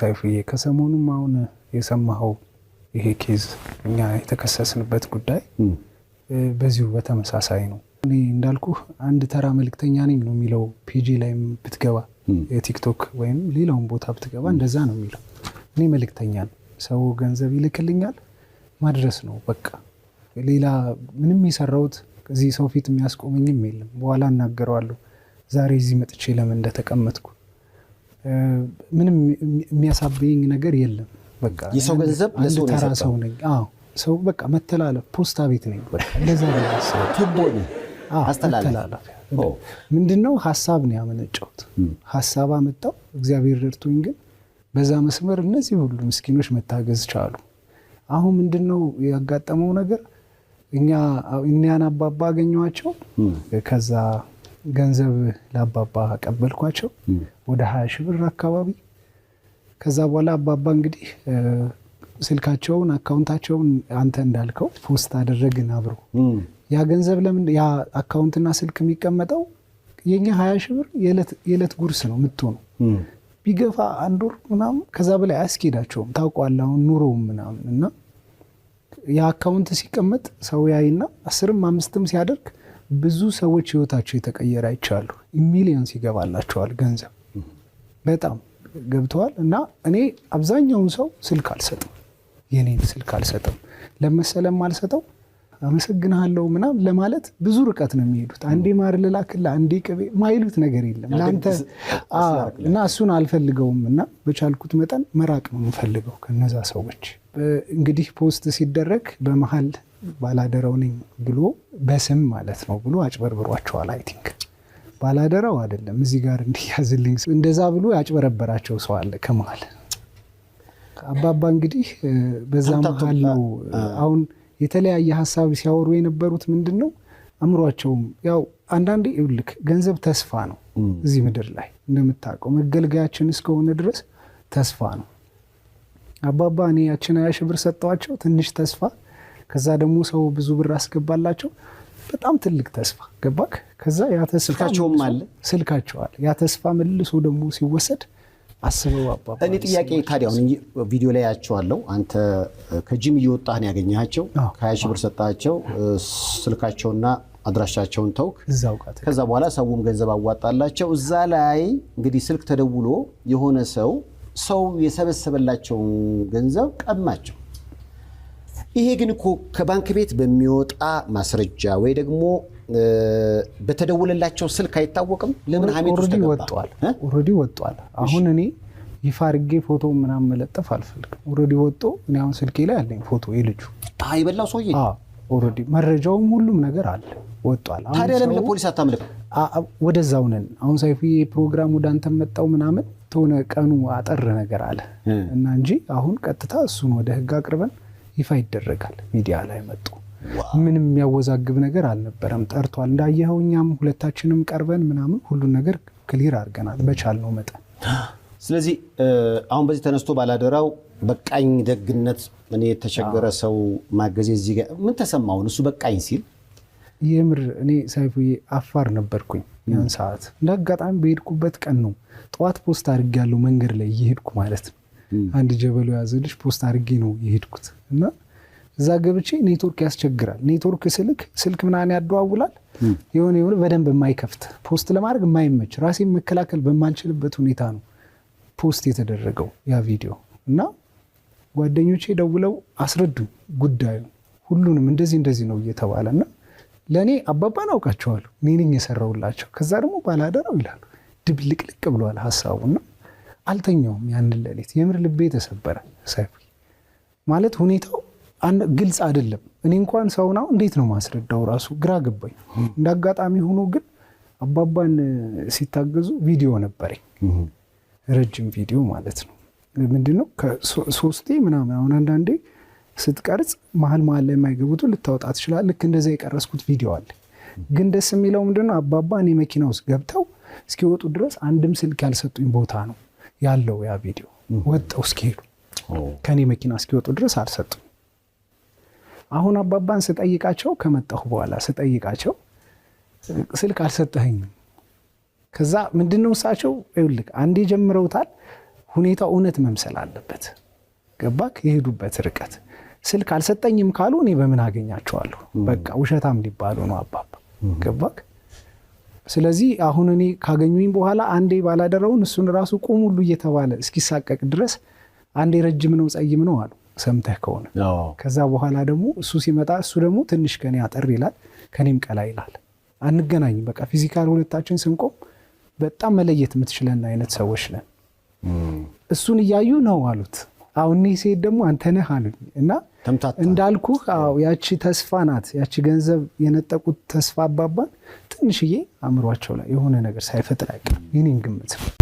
ሳይፍዬ ከሰሞኑም አሁን የሰማኸው ይሄ ኬዝ እኛ የተከሰስንበት ጉዳይ በዚሁ በተመሳሳይ ነው። እኔ አንድ ተራ መልክተኛ ነኝ ነው የሚለው። ፒጂ ላይም ብትገባ የቲክቶክ ወይም ሌላውን ቦታ ብትገባ እንደዛ ነው የሚለው። እኔ መልክተኛ ነው። ሰው ገንዘብ ይልክልኛል ማድረስ ነው በቃ። ሌላ ምንም የሰራሁት እዚህ ሰው ፊት የሚያስቆመኝም የለም። በኋላ እናገረዋለሁ ዛሬ እዚህ መጥቼ ለምን እንደተቀመጥኩ ምንም የሚያሳብኝ ነገር የለም። የሰው ገንዘብ ተራ ሰው ነኝ። ሰው በቃ መተላለፍ ፖስታ ቤት ነኝ። በቃ አስተላለፍ ምንድን ነው ሀሳብ ነው ያመነጨሁት። ሀሳብ አመጣው እግዚአብሔር ደርቶኝ፣ ግን በዛ መስመር እነዚህ ሁሉ ምስኪኖች መታገዝ ቻሉ። አሁን ምንድን ነው ያጋጠመው ነገር እኛ እኒያን አባባ አገኘኋቸው ከዛ ገንዘብ ለአባባ ቀበልኳቸው ወደ ሀያ ሺህ ብር አካባቢ። ከዛ በኋላ አባባ እንግዲህ ስልካቸውን አካውንታቸውን አንተ እንዳልከው ፖስት አደረግን አብሮ። ያ ገንዘብ ለምን ያ አካውንትና ስልክ የሚቀመጠው የኛ ሀያ ሺህ ብር የዕለት ጉርስ ነው ነው ቢገፋ አንድ ወር ምናምን ከዛ በላይ አያስኬዳቸውም። ታውቋለህ አሁን ኑሮውም ምናምን እና የአካውንት ሲቀመጥ ሰው ያይና አስርም አምስትም ሲያደርግ ብዙ ሰዎች ህይወታቸው የተቀየረ አይቻሉ። ሚሊዮንስ ይገባላቸዋል ገንዘብ በጣም ገብተዋል። እና እኔ አብዛኛውን ሰው ስልክ አልሰጥም፣ የኔን ስልክ አልሰጥም። ለመሰለም አልሰጠው አመሰግናለሁ ምናምን ለማለት ብዙ ርቀት ነው የሚሄዱት። አንዴ ማር ልላክልህ፣ አንዴ ቅቤ ማይሉት ነገር የለም ለአንተ እና እሱን አልፈልገውም እና በቻልኩት መጠን መራቅ ነው የምፈልገው ከነዛ ሰዎች። እንግዲህ ፖስት ሲደረግ በመሀል ባላደራው ነኝ ብሎ በስም ማለት ነው ብሎ አጭበርብሯቸዋል። አይ ቲንክ ባላደራው አይደለም እዚህ ጋር እንዲያዝልኝ እንደዛ ብሎ ያጭበረበራቸው ሰው አለ ከመሀል አባባ እንግዲህ በዛ መሀል ነው አሁን የተለያየ ሀሳብ ሲያወሩ የነበሩት ምንድን ነው አእምሯቸውም ያው አንዳንዴ ይኸውልህ ገንዘብ ተስፋ ነው። እዚህ ምድር ላይ እንደምታውቀው መገልገያችን እስከሆነ ድረስ ተስፋ ነው። አባባ እኔ ያችን ሀያ ሺህ ብር ትንሽ ተስፋ ከዛ ደግሞ ሰው ብዙ ብር አስገባላቸው። በጣም ትልቅ ተስፋ ገባክ። ከዛ ያ ተስፋ ስልካቸውም አለ ስልካቸዋል። ያ ተስፋ መልሶ ደግሞ ሲወሰድ አስበው አባ እኔ ጥያቄ ታዲያ አሁን ቪዲዮ ላይ ያቸዋለው አንተ ከጅም እየወጣህ ነው ያገኘሃቸው። ከሀያ ሺህ ብር ሰጣቸው። ስልካቸውና አድራሻቸውን ተውክ። ከዛ በኋላ ሰውም ገንዘብ አዋጣላቸው። እዛ ላይ እንግዲህ ስልክ ተደውሎ የሆነ ሰው ሰው የሰበሰበላቸውን ገንዘብ ቀማቸው። ይሄ ግን እኮ ከባንክ ቤት በሚወጣ ማስረጃ ወይ ደግሞ በተደወለላቸው ስልክ አይታወቅም። ለምን ሀሜት ውስጥ ወጥቷል? ኦልሬዲ ወጥቷል። አሁን እኔ ይፋ አድርጌ ፎቶ ምናምን መለጠፍ አልፈልግም። ኦልሬዲ ወጦ እኔ አሁን ስልኬ ላይ አለኝ ፎቶ የልጁ የበላው ሰውዬ ኦልሬዲ መረጃውም ሁሉም ነገር አለ፣ ወጥቷል። ታዲያ ለምን ለፖሊስ አታምልም? ወደዛው ነን አሁን ሳይፉ ፕሮግራም ወደ አንተ መጣው ምናምን ተሆነ ቀኑ አጠር ነገር አለ እና እንጂ አሁን ቀጥታ እሱን ወደ ህግ አቅርበን ይፋ ይደረጋል። ሚዲያ ላይ መጡ። ምንም የሚያወዛግብ ነገር አልነበረም። ጠርቷል እንዳየኸው፣ እኛም ሁለታችንም ቀርበን ምናምን ሁሉን ነገር ክሊር አድርገናል በቻልነው መጠን። ስለዚህ አሁን በዚህ ተነስቶ ባላደራው በቃኝ ደግነት፣ እኔ የተቸገረ ሰው ማገዜ እዚህ ምን ተሰማውን እሱ በቃኝ ሲል የምር እኔ ሳይፉዬ አፋር ነበርኩኝ ያን ሰዓት። እንደ አጋጣሚ በሄድኩበት ቀን ነው ጠዋት ፖስት አድርጌያለሁ መንገድ ላይ እየሄድኩ ማለት ነው አንድ ጀበሎ ያዘልሽ ፖስት አድርጌ ነው የሄድኩት እና እዛ ገብቼ ኔትወርክ ያስቸግራል። ኔትወርክ ስልክ ስልክ ምናምን ያደዋውላል የሆነ የሆነ በደንብ የማይከፍት ፖስት ለማድረግ የማይመች ራሴን መከላከል በማልችልበት ሁኔታ ነው ፖስት የተደረገው ያ ቪዲዮ እና ጓደኞቼ ደውለው አስረዱ ጉዳዩ ሁሉንም እንደዚህ እንደዚህ ነው እየተባለ እና ለእኔ አባባን አውቃቸዋለሁ እኔ ነኝ የሰራውላቸው። ከዛ ደግሞ ባለአደራው ይላሉ ድብልቅልቅ ብለዋል ሀሳቡ እና አልተኛውም። ያን ሌሊት የምር ልቤ ተሰበረ። ሰፊ ማለት ሁኔታው ግልጽ አይደለም። እኔ እንኳን ነው እንዴት ነው ማስረዳው ራሱ ግራ ገባኝ። እንደ አጋጣሚ ሆኖ ግን አባባን ሲታገዙ ቪዲዮ ነበረኝ፣ ረጅም ቪዲዮ ማለት ነው። ነው ሶስቴ ምናምን አሁን አንዳንዴ ስትቀርጽ መሀል መሀል ላይ የማይገቡት ልታወጣ ትችላል። ልክ እንደዚያ የቀረስኩት ቪዲዮ አለ። ግን ደስ የሚለው ምንድነው አባባ እኔ መኪና ውስጥ ገብተው እስኪወጡ ድረስ አንድም ስልክ ያልሰጡኝ ቦታ ነው። ያለው ያ ቪዲዮ ወጠው እስኪሄዱ ከኔ መኪና እስኪወጡ ድረስ አልሰጡም። አሁን አባባን ስጠይቃቸው ከመጣሁ በኋላ ስጠይቃቸው ስልክ አልሰጠኸኝም። ከዛ ምንድነው እሳቸው ይኸውልህ አንዴ ጀምረውታል። ሁኔታው እውነት መምሰል አለበት። ገባክ? የሄዱበት ርቀት ስልክ አልሰጠኝም ካሉ እኔ በምን አገኛቸዋለሁ? በቃ ውሸታም ሊባሉ ነው አባባ። ገባክ? ስለዚህ አሁን እኔ ካገኙኝ በኋላ አንዴ ባላደረውን እሱን ራሱ ቁም ሁሉ እየተባለ እስኪሳቀቅ ድረስ አንዴ ረጅም ነው ጸይም ነው አሉ ሰምተህ ከሆነ ከዛ በኋላ ደግሞ እሱ ሲመጣ እሱ ደግሞ ትንሽ ከኔ አጠር ይላል፣ ከኔም ቀላ ይላል። አንገናኝም። በቃ ፊዚካል ሁለታችን ስንቆም በጣም መለየት የምትችለን አይነት ሰዎች ነን። እሱን እያዩ ነው አሉት አሁን እኒህ ሴት ደግሞ አንተ ነህ አሉኝ እና እንዳልኩህ ያቺ ተስፋ ናት። ያቺ ገንዘብ የነጠቁት ተስፋ አባባን ትንሽዬ አእምሯቸው ላይ የሆነ ነገር ሳይፈጥር አይቀርም። ይህኔን ግምት ነው